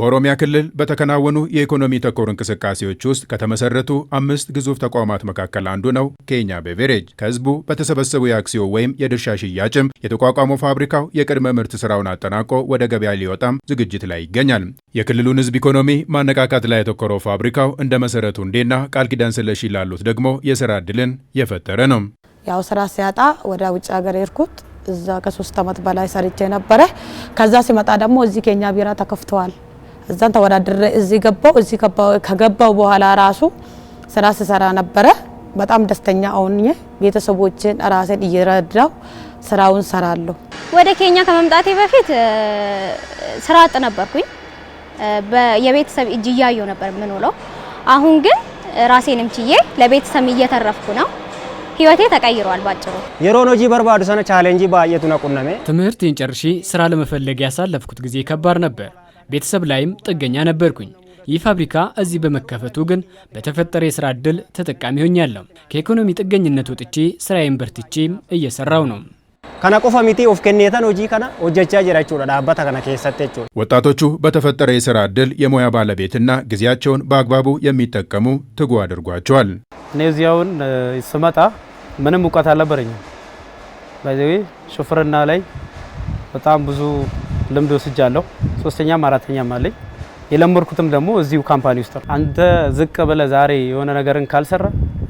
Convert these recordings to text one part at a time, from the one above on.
በኦሮሚያ ክልል በተከናወኑ የኢኮኖሚ ተኮር እንቅስቃሴዎች ውስጥ ከተመሰረቱ አምስት ግዙፍ ተቋማት መካከል አንዱ ነው ኬኛ ቤቬሬጅ። ከህዝቡ በተሰበሰቡ የአክሲዮ ወይም የድርሻ ሽያጭም የተቋቋመው ፋብሪካው የቅድመ ምርት ስራውን አጠናቆ ወደ ገበያ ሊወጣም ዝግጅት ላይ ይገኛል። የክልሉን ህዝብ ኢኮኖሚ ማነቃቃት ላይ የተኮረው ፋብሪካው እንደ መሰረቱ እንዴና ቃል ኪዳን ስለሺ ላሉት ደግሞ የስራ እድልን የፈጠረ ነው። ያው ስራ ሲያጣ ወደ ውጭ ሀገር የርኩት እዛ ከሶስት አመት በላይ ሰርቼ ነበረ። ከዛ ሲመጣ ደግሞ እዚህ ኬኛ ቢራ ተከፍተዋል። እዛን ተወዳድሬ እዚህ ገባው። እዚህ ከገባው በኋላ ራሱ ስራ ስሰራ ነበረ። በጣም ደስተኛ አሁን ቤተሰቦችን ራሴን እየረዳው ስራውን ሰራለሁ። ወደ ኬንያ ከመምጣቴ በፊት ስራ አጥ ነበርኩኝ። የቤተሰብ እጅ እያየሁ ነበር የምንውለው። አሁን ግን ራሴንም ችዬ ለቤተሰብ እየተረፍኩ ነው። ህይወቴ ተቀይሯል ባጭሩ። የሮኖጂ ጂ በርባዱ ሰነ ቻሌንጂ ባየቱና ቁነሜ ትምህርት ጨርሼ ስራ ለመፈለግ ያሳለፍኩት ጊዜ ከባድ ነበር። ቤተሰብ ላይም ጥገኛ ነበርኩኝ። ይህ ፋብሪካ እዚህ በመከፈቱ ግን በተፈጠረ የስራ እድል ተጠቃሚ ሆኛለሁ። ከኢኮኖሚ ጥገኝነት ወጥቼ ስራዬን በርትቼም እየሰራው ነው። ከና ሚቲ ኦፍ ሆጂ ከና ሆጀቻ ጀራቹ ከና ከሰተቹ ወጣቶቹ በተፈጠረ የስራ እድል የሙያ ባለቤትና ጊዜያቸውን በአግባቡ የሚጠቀሙ ትጉ አድርጓቸዋል። እኔ እዚያውን ስመጣ ምንም እውቀት አልነበረኝም። በዚህ ሹፍርና ላይ በጣም ብዙ ልምድ ወስጃለሁ። ሶስተኛም አራተኛም አለኝ። የለመድኩትም ደግሞ እዚሁ ካምፓኒ ውስጥ ነው። አንተ ዝቅ ብለ ዛሬ የሆነ ነገርን ካልሰራ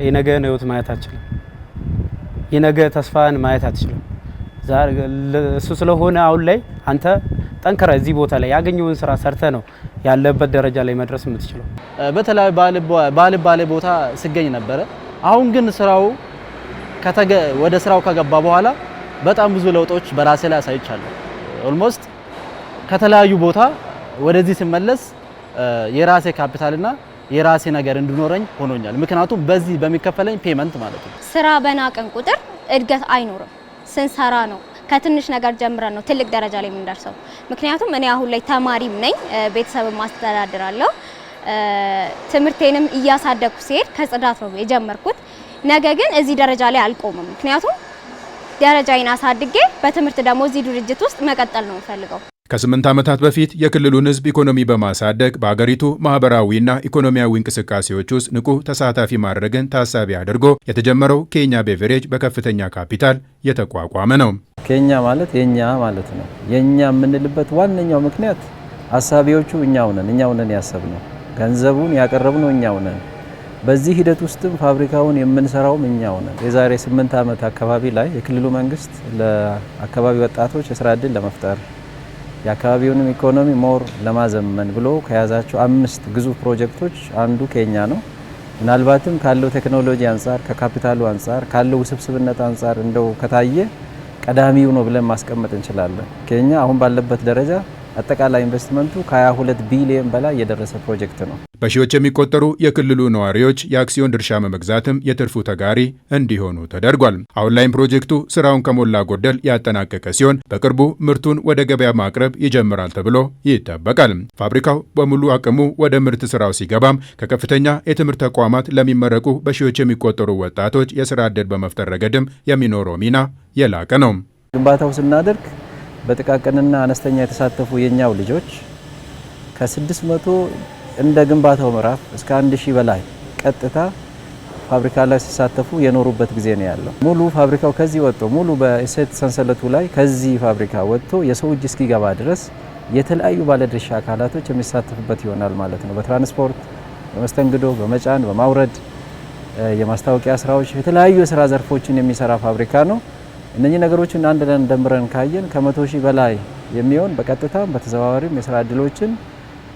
የነገ ህይወት ማየት አትችልም። የነገ ተስፋን ማየት አትችልም። እሱ ስለሆነ አሁን ላይ አንተ ጠንከረ እዚህ ቦታ ላይ ያገኘውን ስራ ሰርተ ነው ያለበት ደረጃ ላይ መድረስ የምትችለው። በተለያዩ ባል ባለ ቦታ ስገኝ ነበረ። አሁን ግን ስራው ወደ ስራው ከገባ በኋላ በጣም ብዙ ለውጦች በራሴ ላይ አሳይቻለሁ ኦልሞስት ከተለያዩ ቦታ ወደዚህ ስመለስ የራሴ ካፒታልና የራሴ ነገር እንዲኖረኝ ሆኖኛል። ምክንያቱም በዚህ በሚከፈለኝ ፔመንት ማለት ነው። ስራ በናቀን ቁጥር እድገት አይኖርም። ስንሰራ ነው ከትንሽ ነገር ጀምረን ነው ትልቅ ደረጃ ላይ የምንደርሰው። ምክንያቱም እኔ አሁን ላይ ተማሪም ነኝ፣ ቤተሰብም አስተዳድራለሁ። ትምህርቴንም እያሳደግኩ ሲሄድ ከጽዳት ነው የጀመርኩት። ነገ ግን እዚህ ደረጃ ላይ አልቆምም። ምክንያቱም ደረጃዬን አሳድጌ በትምህርት ደግሞ እዚህ ድርጅት ውስጥ መቀጠል ነው የምፈልገው። ከስምንት ዓመታት በፊት የክልሉን ህዝብ ኢኮኖሚ በማሳደግ በሀገሪቱ ማህበራዊና ኢኮኖሚያዊ እንቅስቃሴዎች ውስጥ ንቁ ተሳታፊ ማድረግን ታሳቢ አድርጎ የተጀመረው ኬኛ ቤቨሬጅ በከፍተኛ ካፒታል የተቋቋመ ነው። ኬኛ ማለት የኛ ማለት ነው። የኛ የምንልበት ዋነኛው ምክንያት አሳቢዎቹ እኛው ነን። እኛው ነን ያሰብነው፣ ገንዘቡን ያቀረብነው እኛው ነን። በዚህ ሂደት ውስጥም ፋብሪካውን የምንሰራውም እኛው ነን። የዛሬ ስምንት ዓመት አካባቢ ላይ የክልሉ መንግስት ለአካባቢ ወጣቶች የስራ ዕድል ለመፍጠር የአካባቢውንም ኢኮኖሚ ሞር ለማዘመን ብሎ ከያዛቸው አምስት ግዙፍ ፕሮጀክቶች አንዱ ኬኛ ነው። ምናልባትም ካለው ቴክኖሎጂ አንጻር፣ ከካፒታሉ አንጻር፣ ካለው ውስብስብነት አንጻር እንደው ከታየ ቀዳሚው ነው ብለን ማስቀመጥ እንችላለን። ኬኛ አሁን ባለበት ደረጃ አጠቃላይ ኢንቨስትመንቱ ከ22 ቢሊዮን በላይ የደረሰ ፕሮጀክት ነው። በሺዎች የሚቆጠሩ የክልሉ ነዋሪዎች የአክሲዮን ድርሻ በመግዛትም የትርፉ ተጋሪ እንዲሆኑ ተደርጓል። አሁን ላይም ፕሮጀክቱ ስራውን ከሞላ ጎደል ያጠናቀቀ ሲሆን በቅርቡ ምርቱን ወደ ገበያ ማቅረብ ይጀምራል ተብሎ ይጠበቃል። ፋብሪካው በሙሉ አቅሙ ወደ ምርት ስራው ሲገባም ከከፍተኛ የትምህርት ተቋማት ለሚመረቁ በሺዎች የሚቆጠሩ ወጣቶች የስራ ዕድል በመፍጠር ረገድም የሚኖረው ሚና የላቀ ነው። ግንባታው ስናደርግ በጥቃቅንና አነስተኛ የተሳተፉ የኛው ልጆች ከ600 እንደ ግንባታው ምዕራፍ እስከ አንድ ሺህ በላይ ቀጥታ ፋብሪካ ላይ ሲሳተፉ የኖሩበት ጊዜ ነው ያለው። ሙሉ ፋብሪካው ከዚህ ወጥቶ ሙሉ በእሴት ሰንሰለቱ ላይ ከዚህ ፋብሪካ ወጥቶ የሰው እጅ እስኪገባ ድረስ የተለያዩ ባለድርሻ አካላቶች የሚሳተፉበት ይሆናል ማለት ነው። በትራንስፖርት፣ በመስተንግዶ፣ በመጫን፣ በማውረድ የማስታወቂያ ስራዎች፣ የተለያዩ የስራ ዘርፎችን የሚሰራ ፋብሪካ ነው። እነኚህ ነገሮችን አንድ ለን ደምረን ካየን ከመቶ ሺህ በላይ የሚሆን በቀጥታም በተዘዋዋሪም የስራ እድሎችን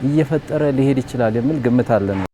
እየፈጠረ ሊሄድ ይችላል የሚል ግምት አለን።